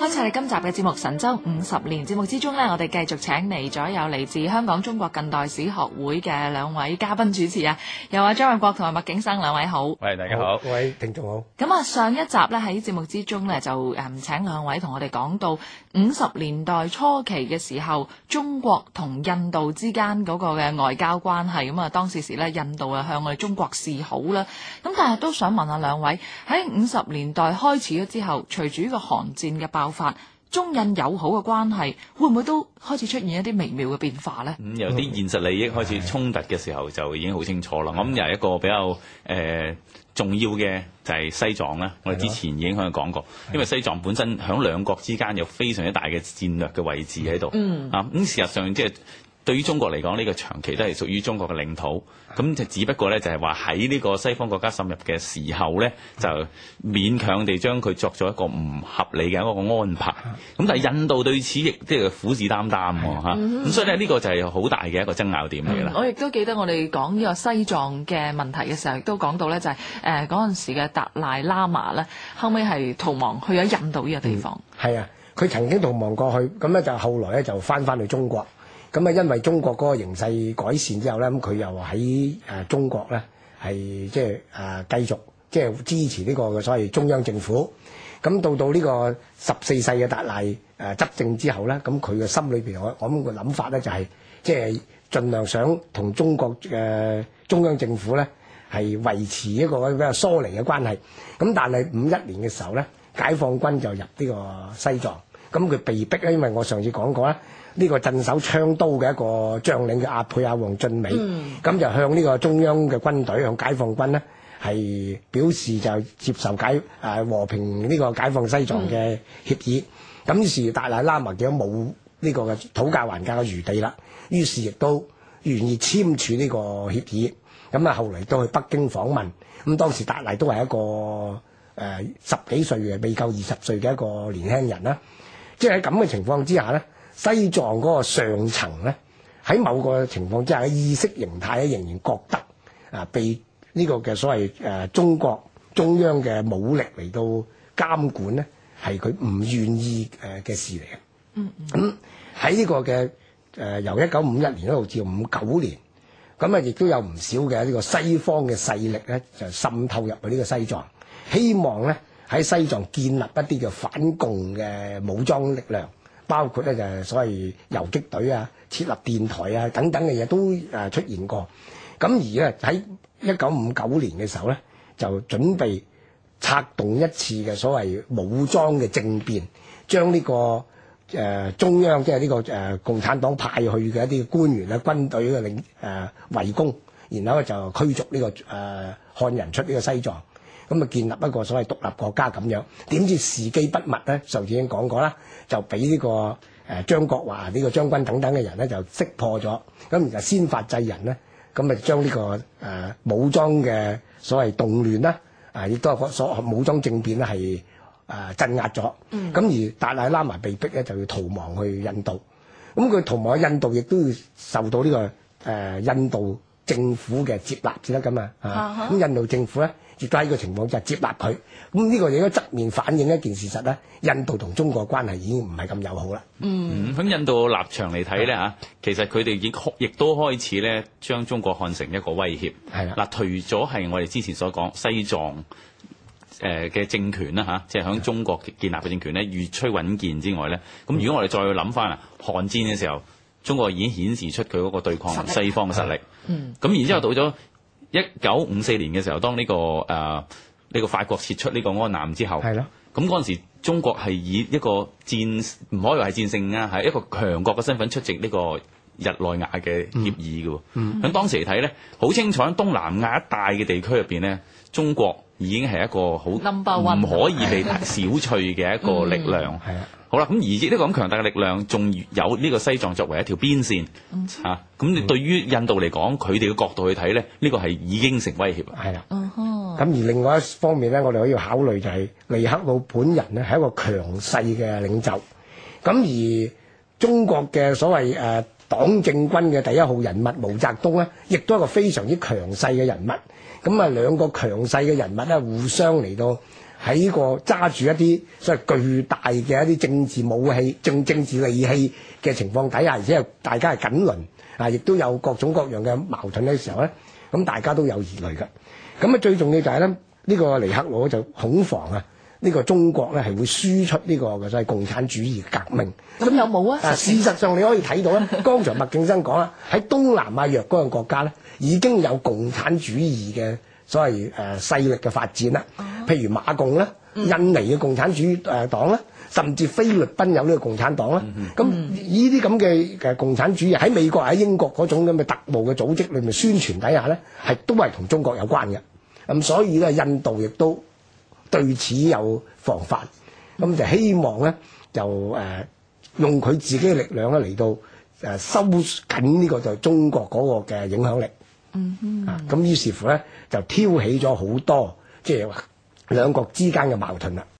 開始今集嘅節目《神州五十年》節目之中呢，我哋繼續請嚟咗有嚟自香港中國近代史學會嘅兩位嘉賓主持啊，有啊張偉國同埋麥景生兩位好，喂，大家好，各位聽眾好。咁啊，上一集呢喺節目之中呢就誒請兩位同我哋講到五十年代初期嘅時候，中國同印度之間嗰個嘅外交關係，咁啊當時時呢印度啊向我哋中國示好啦，咁但係都想問下兩位喺五十年代開始咗之後，隨住呢個韓戰嘅爆發中印友好嘅關係，會唔會都開始出現一啲微妙嘅變化咧？咁由啲現實利益開始衝突嘅時候，就已經好清楚啦。嗯、我諗又係一個比較誒、呃、重要嘅，就係西藏啦。我哋之前已經喺度講過，嗯、因為西藏本身響兩國之間有非常之大嘅戰略嘅位置喺度、嗯嗯嗯。嗯啊，咁事實上即係。對於中國嚟講，呢個長期都係屬於中國嘅領土。咁就只不過呢，就係話喺呢個西方國家滲入嘅時候呢，就勉強地將佢作咗一個唔合理嘅一個安排。咁但係印度對此亦即係虎視眈眈喎，嚇。咁所以呢，呢個就係好大嘅一個爭拗點嚟啦。的的我亦都記得我哋講呢個西藏嘅問題嘅時候，亦都講到呢、就是，就係誒嗰陣時嘅達賴喇嘛呢，後尾係逃亡去咗印度呢個地方。係啊、嗯，佢曾經逃亡過去，咁呢，就後來呢，就翻返去中國。咁啊，因為中國嗰個形勢改善之後咧，咁佢又喺誒中國咧係即係誒繼續即係支持呢個所謂中央政府。咁到到呢個十四世嘅達賴誒執政之後咧，咁佢嘅心裏面我想想、就是，我我諗個諗法咧就係即係盡量想同中國嘅中央政府咧係維持一個比較疏離嘅關係。咁但係五一年嘅時候咧，解放軍就入呢個西藏。咁佢被逼咧，因為我上次講過咧，呢、這個鎮守昌都嘅一個將領嘅阿沛阿旺晉美，咁、嗯、就向呢個中央嘅軍隊，向解放軍呢，係表示就接受解、呃、和平呢個解放西藏嘅協議。咁、嗯、於是達賴喇嘛已冇呢個嘅討價還價嘅餘地啦，於是亦都願意簽署呢個協議。咁啊，後嚟都去北京訪問。咁當時達賴都係一個、呃、十幾歲嘅，未夠二十歲嘅一個年輕人啦。即係喺咁嘅情況之下咧，西藏嗰個上層咧，喺某個情況之下嘅意識形態咧，仍然覺得啊，被呢個嘅所謂誒中國中央嘅武力嚟到監管咧，係佢唔願意誒嘅事嚟嘅。嗯，咁喺呢個嘅誒由一九五一年一路至五九年，咁啊亦都有唔少嘅呢個西方嘅勢力咧，就滲透入去呢個西藏，希望咧，喺西藏建立一啲嘅反共嘅武裝力量，包括咧就係所謂游擊隊啊、設立電台啊等等嘅嘢都出現過。咁而咧喺一九五九年嘅時候咧，就準備策動一次嘅所謂武裝嘅政變，將呢個誒中央即係呢個誒共產黨派去嘅一啲官員啊、軍隊嘅領誒圍攻，然後就驅逐呢個誒漢人出呢個西藏。咁啊，就建立一個所謂獨立國家咁樣，點知時機不密咧，上次已經講過啦，就俾呢、這個誒、呃、張國華呢、這個將軍等等嘅人咧，就識破咗。咁就先發制人呢，咁就將呢、這個誒、呃、武裝嘅所謂動亂啦，啊、呃、亦都係所武裝政變呢，係、呃、誒鎮壓咗。咁、嗯、而達賴喇嘛被逼咧，就要逃亡去印度。咁佢逃亡印度，亦都要受到呢、這個誒、呃、印度政府嘅接納先得噶嘛。啊咁、嗯嗯嗯、印度政府咧，而家喺個情況就係接納佢，咁呢個亦都側面反映一件事實咧，印度同中國嘅關係已經唔係咁友好啦。嗯，響印度立場嚟睇咧嚇，的其實佢哋已亦都開始咧，將中國看成一個威脅。係嗱的、啊，除咗係我哋之前所講西藏誒嘅、呃、政權啦嚇，即係響中國建立嘅政權咧越趨穩健之外咧，咁如果我哋再諗翻啊，韓的戰嘅時候，中國已經顯示出佢嗰個對抗西方嘅實力。嗯，咁然之後到咗。一九五四年嘅時候，當呢、呢個誒呢、呃呢個法國撤出呢個安南之後，咁嗰陣時中國係以一個戰唔可以話係戰勝啊，係一個強國嘅身份出席呢個日內瓦嘅協議嘅喎。咁、嗯嗯、當時嚟睇咧，好清楚喺東南亞一帶嘅地區入邊咧。中國已經係一個好唔可以被小覷嘅一個力量， 嗯、啊，好啦，咁而呢個咁強大嘅力量，仲有呢個西藏作為一條邊線咁你、嗯啊、對於印度嚟講，佢哋嘅角度去睇咧，呢、這個係已經成威脅了啊，啦、uh，咁、huh. 而另外一方面咧，我哋可以考慮就係尼赫魯本人咧係一個強勢嘅領袖，咁而中國嘅所謂、呃黨政軍嘅第一號人物毛澤東呢亦都係一個非常之強勢嘅人物。咁啊，兩個強勢嘅人物呢，互相嚟到喺個揸住一啲所謂巨大嘅一啲政治武器，政政治利器嘅情況底下，而且大家係緊鄰啊，亦都有各種各樣嘅矛盾嘅時候呢，咁大家都有疑慮㗎。咁啊，最重要就係呢呢個尼克魯就恐防啊。呢個中國咧係會輸出呢個嘅所謂共產主義革命咁有冇啊？事實上你可以睇到咧，剛 才麥敬生講啦，喺東南亞若干個國家咧，已經有共產主義嘅所謂誒勢力嘅發展啦。譬如馬共啦，印尼嘅共產主義誒黨啦，甚至菲律賓有呢個共產黨啦。咁呢啲咁嘅誒共產主義喺美國、喺英國嗰種咁嘅特務嘅組織裏面宣傳底下咧，係都係同中國有關嘅。咁所以咧，印度亦都。對此有防範，咁就希望咧，就誒、呃、用佢自己嘅力量咧嚟到誒收緊呢個就中國嗰個嘅影響力。嗯哼、mm，hmm。啊，咁於是乎咧就挑起咗好多，即係話兩國之間嘅矛盾啦。